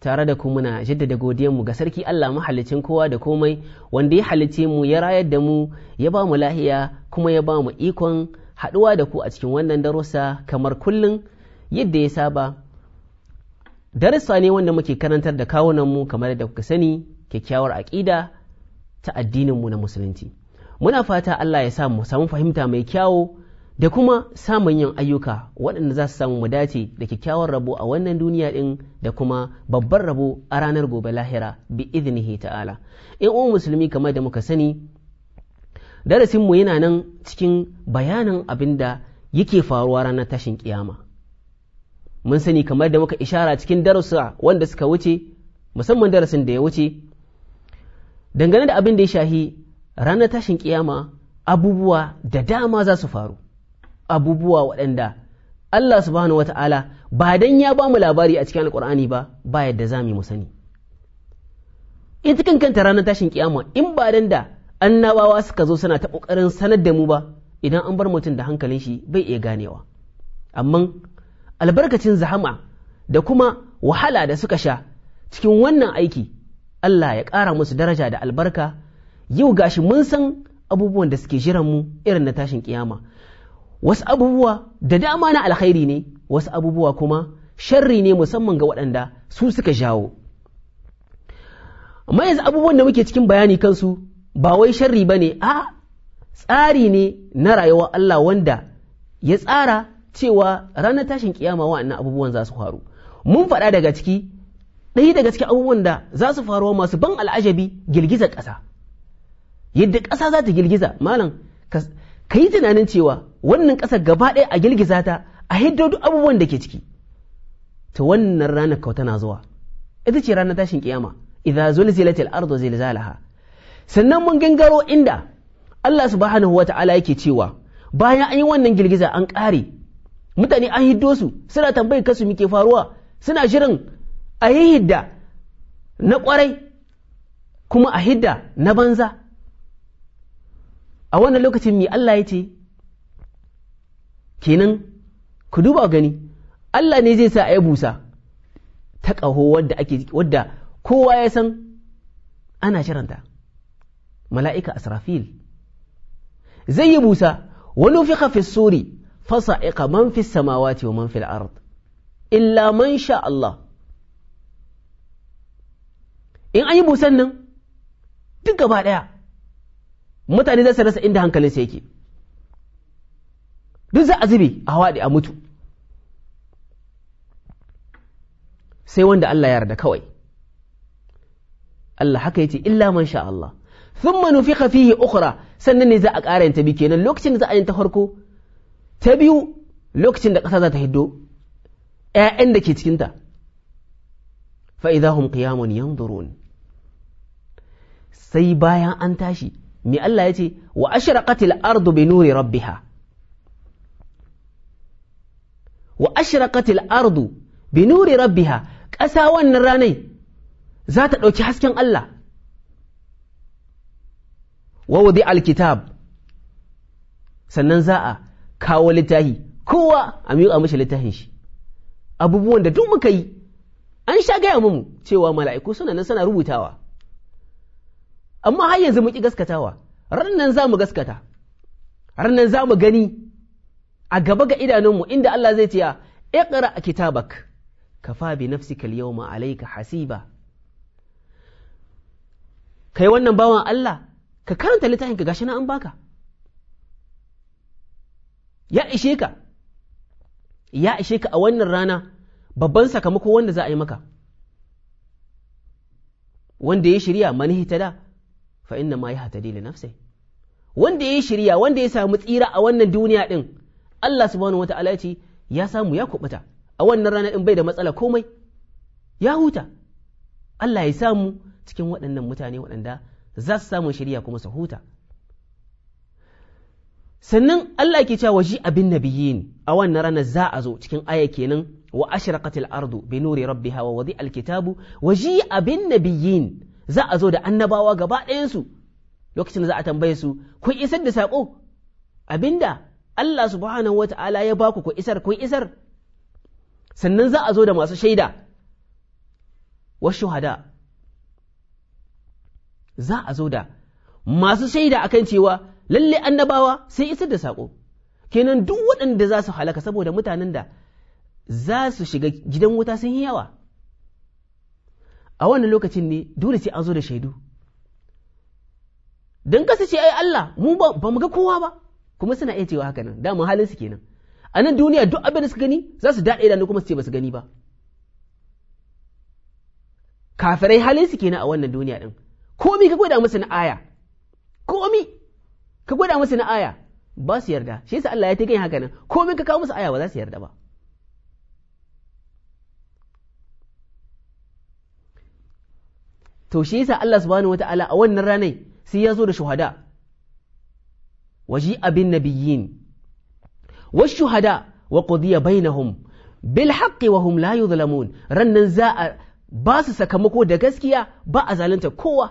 tare da ku muna jaddada mu ga sarki Allah mahallicin kowa da komai wanda ya halicce mu ya rayar da mu ya ba mu lahiya kuma ya ba mu ikon haɗuwa da ku a cikin wannan darussa kamar kullum yadda ya saba darussa ne wanda muke karantar da kawunan mu kamar da kuka sani kyakkyawar aƙida ta addinin mu na musulunci muna fata Allah ya sa mu samu fahimta mai kyawo da kuma samun yin ayyuka waɗanda za su samu mu dace da kyakkyawar rabo a wannan duniya ɗin da kuma babban rabo a ranar gobe lahira bi iznihi ta'ala in uwan musulmi kamar da muka sani darasin mu yana nan cikin bayanin abin da yake faruwa ranar tashin kiyama mun sani kamar da muka ishara cikin darussa wanda suka wuce musamman darasin da ya wuce dangane da abin da ya shahi ranar tashin kiyama abubuwa da dama za su faru abubuwa waɗanda Allah subhanahu wata'ala ba dan ya ba mu labari a cikin alkur'ani ba ba yadda za mu sani in cikin kanta ranar tashin kiyama in ba dan da annabawa suka zo suna ta ƙoƙarin sanar da mu ba idan an bar mutum da hankalin shi bai iya ganewa amma albarkacin zahama da kuma wahala da suka sha cikin wannan aiki Allah ya ƙara musu daraja da albarka yau gashi mun san abubuwan da suke jiran mu irin na tashin kiyama wasu abubuwa da dama na alkhairi ne wasu abubuwa kuma sharri ne musamman ga waɗanda su suka jawo amma yanzu abubuwan da muke cikin bayani kansu ba wai sharri ba ne a tsari ne na rayuwa Allah wanda ya tsara cewa ranar tashin kiyama wa'annan abubuwan za su faru mun faɗa daga ciki ɗaya daga cikin abubuwan da za su faruwa masu ban al'ajabi girgizar ƙasa yadda ƙasa za ta girgiza malam ka yi tunanin cewa wannan ƙasar gaba ɗaya a girgiza ta a hiddo duk abubuwan da ke ciki ta wannan ranar kau tana zuwa ita ce ranar tashin kiyama idza zulzilatil ardu zilzalaha sannan mun gangaro inda Allah subhanahu wata'ala yake cewa bayan an yi wannan girgiza an ƙare mutane an hiddo su suna tambayar kasu muke faruwa suna shirin a yi hidda na kwarai kuma a hidda na banza a wannan lokacin mai Allah ya ce kenan ku duba gani Allah ne zai sa a yi busa ta ƙaho wadda ake wadda kowa ya san ana shiranta mala'ika asrafil zai yi busa wani fiƙa fi suri fasa'iqa man fi samawati wa man fil illa man sha Allah in an yi busan nan duk gaba ɗaya mutane za rasa inda hankalinsa yake duk za a zube a hawaɗi a mutu sai wanda Allah ya yarda kawai Allah haka yace illa man sha Allah thumma nufiqa fihi ukhra sannan ne za a ƙara yin ta kenan lokacin da za a yin ta farko ta biyu lokacin da ƙasa za ta hiddo ‘ya'yan da ke cikinta fa idza hum qiyamun yanzurun sai bayan an tashi me Allah ya ce wa ashraqatil ardu bi nuri rabbiha wa ashraqatil ardu bi nuri rabbiha ƙasa wannan ranai za ta ɗauki hasken Allah wa wudi alkitab sannan za a kawo littahi kowa a miƙa mashi littafin shi abubuwan da duk muka yi an sha gaya mu cewa mala'iku suna nan suna rubutawa amma har yanzu muki gaskatawa ran nan za mu gaskata ran nan za mu gani a gaba ga idanunmu inda Allah zai ce iqra kitabak kafa bi nafsika al-yawma alayka hasiba kai wannan bawan Allah ka karanta littafin ka gashi na an baka ya ishe ka ya ishe ka a wannan rana babban sakamako wanda za a yi maka wanda ya shirya ta da fa inna ma yi hatadi li nafsi wanda ya shirya wanda ya samu tsira a wannan duniya din Allah subhanahu wata'ala ya ce ya samu ya kubuta a wannan rana in bai da matsala komai ya huta Allah ya samu cikin waɗannan mutane waɗanda za su samu shirya kuma su huta sannan Allah ke cewa waji abin nabiyyin a wannan ranar za a zo cikin aya kenan wa ashraqatil ardu bi nuri rabbiha wa wadi alkitabu waji abin nabiyyin za a zo da annabawa gaba ɗayansu lokacin da za a tambaye su kun isar da saƙo abinda Allah subhanahu wata'ala ya baku ku isar ku isar sannan za a zo da masu shaida wa shuhada za a zo da masu shaida akan cewa lalle annabawa sai isar da saƙo kenan duk waɗanda za su halaka saboda mutanen da za su shiga gidan wuta sun yi yawa a wannan lokacin ne dole sai an zo da shaidu don kasa ai Allah mu ba mu ga kowa ba kuma suna iya cewa haka nan dama halin su kenan a nan duniya duk abin da suka gani za su daɗe da kuma su ce ba su gani ba kafirai halin su kenan a wannan duniya din komi ka gwada musu na aya komi ka gwada musu na aya ba su yarda shi yasa Allah ya take haka nan komi ka kawo musu aya ba za su yarda ba to shi yasa Allah subhanahu wataala a wannan ranai sai ya zo da shuhada وجيء بالنبيين والشهداء وقضي بينهم بالحق وهم لا يظلمون رنن زاء باس سكمكو دا gaskiya ba a zalunta kowa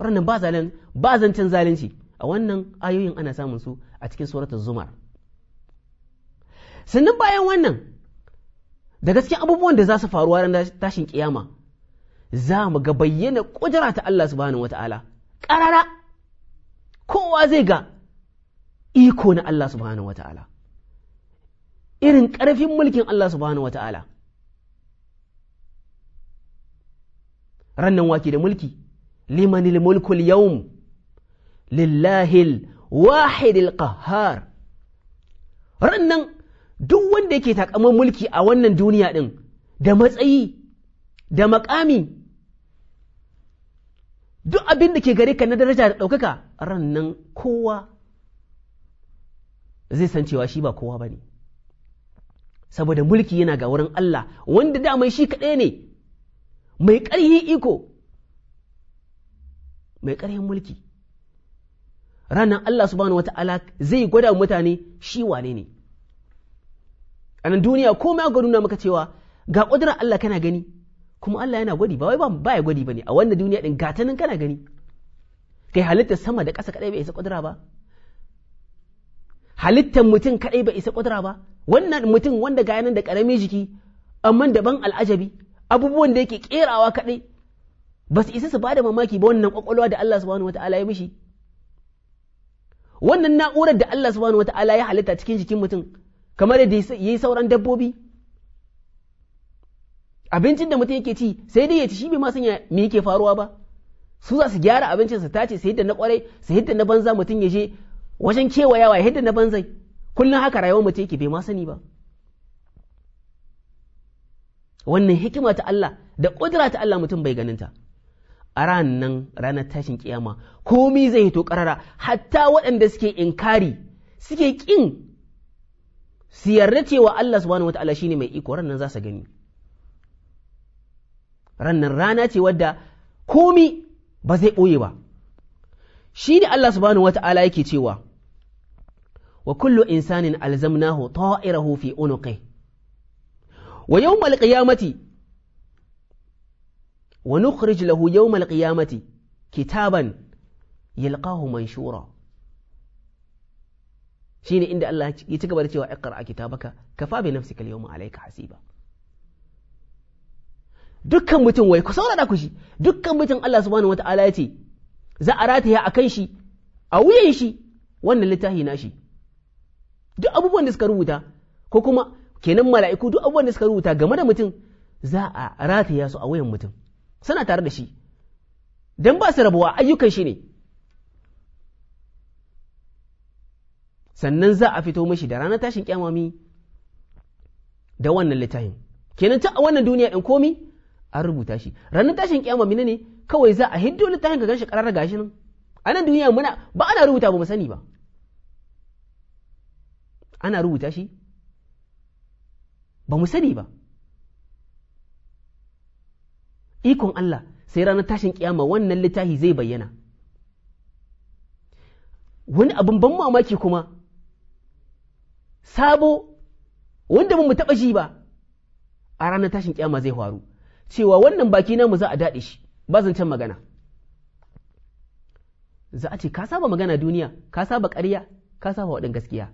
rannan ba zalun ba zalunci a wannan ayoyin ana samun su a cikin suratul zumar sannan bayan wannan da gaskiya abubuwan da za su faruwa ran tashin kiyama za mu ga bayyana kudura ta Allah subhanahu wataala ƙarara kowa zai ga iko na Allah subhanahu wata'ala irin ƙarfin mulkin Allah subhanahu wata'ala rannan wake da mulki limanil mulkul yawm lillahil wahidil qahhar rannan duk wanda yake takamar mulki a wannan duniya ɗin da matsayi da makami duk abin da ke gare ka na daraja da ɗaukaka rannan kowa zai san cewa shi ba kowa ba ne saboda mulki yana ga wurin Allah wanda da mai shi kaɗai ne mai ƙarhi iko mai ƙarhin mulki ranar Allah subhanahu wata'ala zai gwada mutane shi wane ne a nan duniya komai a nuna maka cewa ga ƙudurar Allah kana gani kuma Allah yana gwadi ba wai ba ya gwadi ba ne. a wannan duniya din gatanin kana gani kai halittar sama da ƙasa kaɗai bai isa ƙudura ba halittar mutum kaɗai ba isa ƙudura ba wannan mutum wanda ga yanar da ƙarami jiki amma daban al'ajabi abubuwan da yake kerawa kadai ba su isa su bada mamaki ba wannan kwakwalwa da Allah subhanahu wata'ala ya mishi wannan na'urar da Allah subhanahu wata'ala ya halitta cikin jikin mutum kamar yadda yi sauran dabbobi abincin da mutum yake ci sai dai ya ci shi bai ma sanya me yake faruwa ba su za su gyara abincin su tace su da na kwarai su da na banza mutum ya je wajen kewayawa yadda na banzai kullum haka rayuwar mu take bai ma sani ba wannan hikima ta Allah da ƙudura ta Allah mutum bai ganinta a ran nan ranar tashin kiyama komi zai hito karara hatta waɗanda suke inkari suke ƙin su yarda cewa Allah subhanahu wata'ala shine mai iko ran nan za su gani ran rana ce wadda komi ba zai ɓoye ba shi ne Allah subhanahu wata'ala yake cewa wa kullu insanin alzamnahu ta'irahu fi unuqi wa yawmal qiyamati wa nukhrij lahu yawmal qiyamati kitaban yalqahu manshura shine inda Allah ya ci gaba da cewa iqra kitabaka kafa bi nafsika al-yawma alayka hasiba dukkan mutum wai ku saurara ku shi dukkan mutum Allah subhanahu wata'ala ya ce za a rataya akan shi a wuyan shi wannan littafi na shi duk abubuwan da suka rubuta ko kuma kenan mala'iku duk abubuwan da suka rubuta game da mutum za a rataya su a wayan mutum suna tare da shi don ba su rabuwa ayyukan shi ne sannan za a fito mashi da ranar tashin kyamami da wannan littafin kenan ta a wannan duniya in komi an rubuta shi ranar tashin kyamami ne kawai za a hiddo littafin ka gan shi karar gashi nan a nan duniya muna ba ana rubuta ba mu sani ba ana rubuta shi ba mu sani ba ikon Allah sai ranar tashin kiyama wannan littafi zai bayyana wani abin ban mamaki kuma sabo wanda mu taɓa shi ba a ranar tashin kiyama zai faru cewa wannan baki mu za a daɗe shi ba zancen magana za a ce ka saba magana duniya ka saba ƙarya ka saba waɗin gaskiya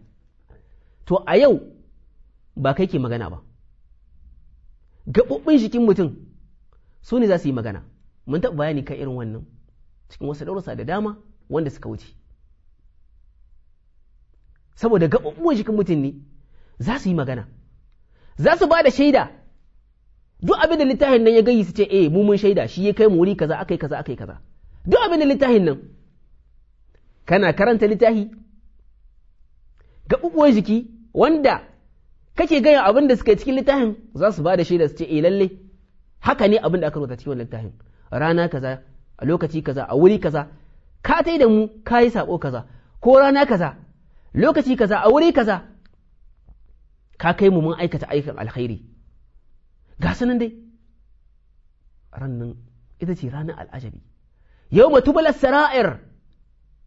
to a yau ba kai ke magana ba Gaɓuɓɓun jikin mutum su ne za su yi magana mun taɓa bayani kan irin wannan cikin wasu darussa da dama wanda suka wuce saboda gaɓuɓɓun jikin mutum ne za su yi magana za su ba da shaida duk abin da littafin nan ya gayi su ce eh mu mun shaida shi ya kai mu wuri kaza akai kaza akai kaza duk abin da littafin nan kana karanta littafi gaɓuɓuwan jiki wanda kake gaya abin da suke cikin littafin za su ba da shaida su ce eh lalle haka ne abin da aka rubuta cikin littafin rana kaza a lokaci kaza a wuri kaza ka tai da mu ka yi sako kaza ko rana kaza lokaci kaza a wuri kaza ka kai mu mun aikata aikin alkhairi ga sanan dai rannan ita ce ranar al'ajabi yau matubalar sara'ir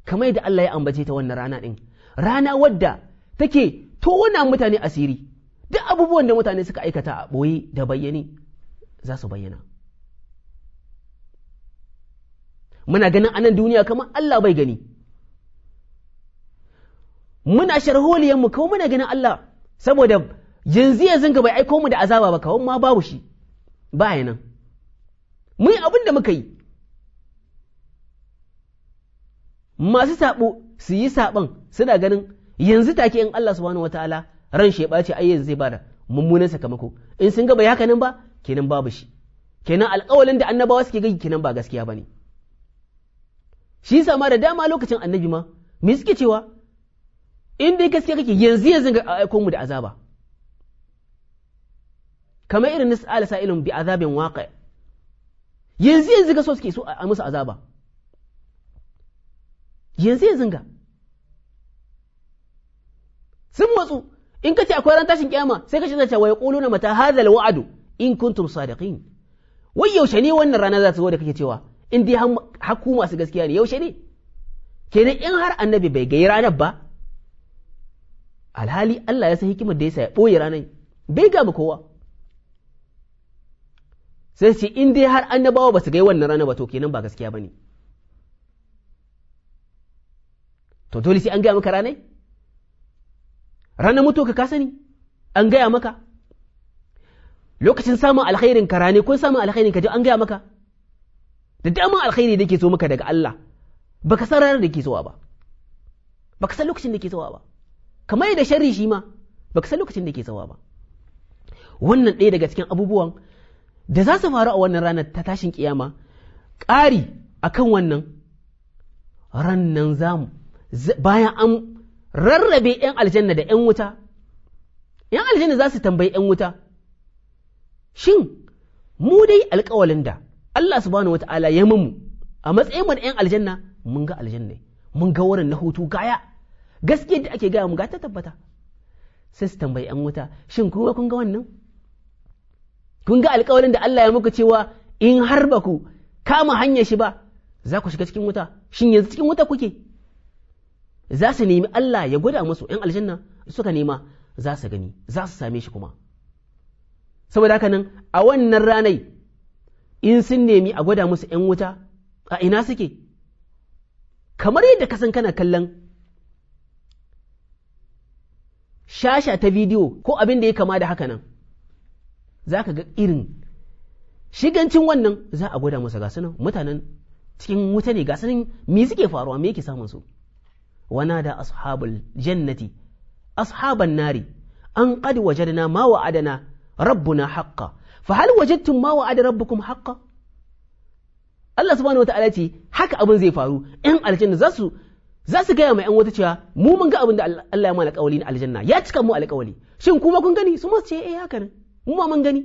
kamar da Allah ya ambace ta wannan rana din. rana wadda take tona mutane asiri duk abubuwan da mutane suka aikata a ɓoye da bayyane za su bayyana muna ganin anan duniya kamar Allah bai gani muna mu kawai muna ganin Allah saboda yanzu yanzu ga bai aiko mu da azaba ba kawai ma babu shi ba nan mu yi abin da muka yi masu saɓo su yi saɓon suna ganin yanzu take in Allah subhanahu wataala ran shi ya ɓaci ai yanzu zai bada mummunan sakamako in sun ga bai haka nan ba kenan babu shi kenan alƙawalin da annabawa suke gai kenan ba gaskiya bane shi yasa ma da dama lokacin annabi ma me suke cewa in dai gaskiya kake yanzu yanzu ga aikon mu da azaba kamar irin nis'ala sa'ilun bi azabin waqi yanzu yanzu ga so suke so a musu azaba yanzu yanzu ga sun matsu in kace akwai ran tashin kyama. sai ka kace zata wa na mata hadha alwa'du in kuntum sadiqin wai yaushe ne wannan rana za ta zo da kake cewa in dai haku masu gaskiya ne yaushe ne kenan in har annabi bai gai ranar ba alhali Allah ya san hikimar da ya ya ɓoye ranar bai gaba kowa sai ce in dai har annabawa ba su gai wannan rana ba to kenan ba gaskiya ba ne to dole sai an gaya maka ranar? ranar mutuwa ka sani an gaya maka lokacin samun alkhairin ka rane ko samun alkhairin ka an gaya maka da daman alkhairi da ke so maka daga Allah ka san ranar da ke zuwa ba ka san lokacin da ke zuwa ba kamar da sharri shi ma ka san lokacin da ke zuwa ba wannan ɗaya daga cikin abubuwan da za su faru a wannan ranar ta tashin kiyama ƙari akan wannan rannan zamu bayan an rarrabe ‘yan aljanna da ‘yan wuta, ‘yan aljanna za su tambayi ‘yan wuta, shin mu dai alkawalin da Allah subhanahu wata'ala ya mamu a matsayin wani ‘yan aljanna mun ga aljanna mun ga wurin na hutu gaya gaskiyar da ake gaya mu ga ta tabbata sai su tambayi ‘yan wuta shin kuma kun ga wannan kun ga alkawalin da Allah ya muku cewa in har ba ku kama hanyar shi ba za ku shiga cikin wuta shin yanzu cikin wuta kuke za su nemi Allah ya gwada musu ‘yan aljanna suka nema za su gani za su same shi kuma saboda haka nan a wannan ranai in sun nemi a gwada musu ‘yan wuta a ina suke kamar yadda ka san kana kallon shasha ta bidiyo ko abin da ya kama da haka nan za ka ga irin shigancin wannan za a gwada masa gasu nan mutanen cikin wuta ne gasu nan me suke faruwa me yake samun su ونادى أصحاب الجنة أصحاب النار أن قد وجدنا ما وعدنا ربنا حقا فهل وجدتم ما وعد ربكم حقا Allah subhanahu wa ta'ala ce haka abin zai faru ‘yan aljanna za su gaya mai ‘yan wata cewa mu mun ga abin Allah ya mana alƙawali na aljanna ya cika mu alƙawali shin kuma kun gani su ce eh haka mu ma mun gani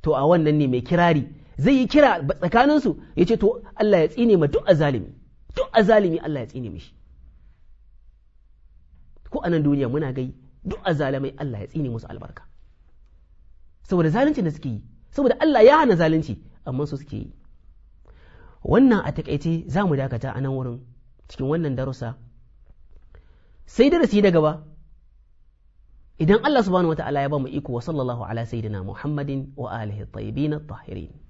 to a wannan ne mai kirari zai yi kira tsakaninsu ya ce to Allah ya tsine ma duk azalimi duk a zalimi Allah ya tsine mishi ko a nan duniya muna gai duk azalamai Allah ya tsine musu albarka saboda zalunci da suke yi saboda Allah ya hana zalunci amma su suke yi wannan a takaice za mu dakata a nan wurin cikin wannan darussa sai darasi da gaba idan Allah subhanahu wa ta'ala ya ba mu iko wa sallallahu ala sayyidina Muhammadin wa alihi tayyibin tahirin